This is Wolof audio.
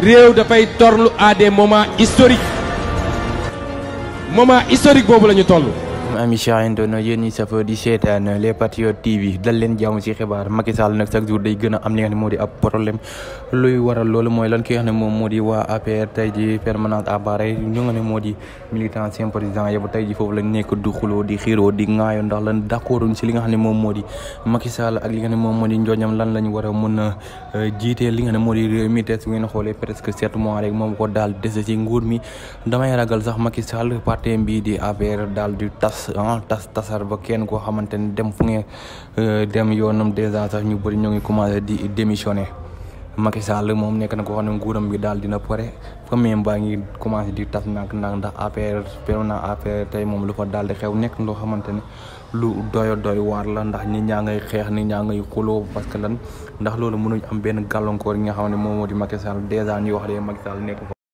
réew dafay torlu à des moments historiques moment historique boobu la ñu toll ami charinto na yéen ñi di seetaan les patriotes TV dal leen jàmm ci xibaar Macky Sall nag chaque jour day gën am li nga ne moo di ab problème luy waral loolu mooy lan ki xam ne moom moo di waa APR tey ji foofu lañ nekk du xuloo di xiiroo di ŋaayoo ndax lan d'accorduñ ci li nga xam ne moom moo di Macky ak li nga xam ne moom njooñam lañ war a mën a euh, jiitee li nga xam ne moo réew mi te su ngeen presque tas ah, tas tasar ba kenn koo xamante ni dem fu ngeen eh, dem yoonam dèjà sax ñu bëri ñoo ngi commencé di démissionné Macky Sall moom nekk na ko xam ne nguuram bi daal dina pare famille baa ngi commencé di tas nak nak ndax APR peru na APR tey moom lu fa daal di xew nekk loo xamante ne lu doyo doy waar la ndax ñi ñaa ngay xeex ni ñaa ngay xulo parce que lan ndax loolu mënuñ am benn gàllankoor yi nga ne moom moo di Macky Sall dèjà ñuy wax de Macky Sall nekk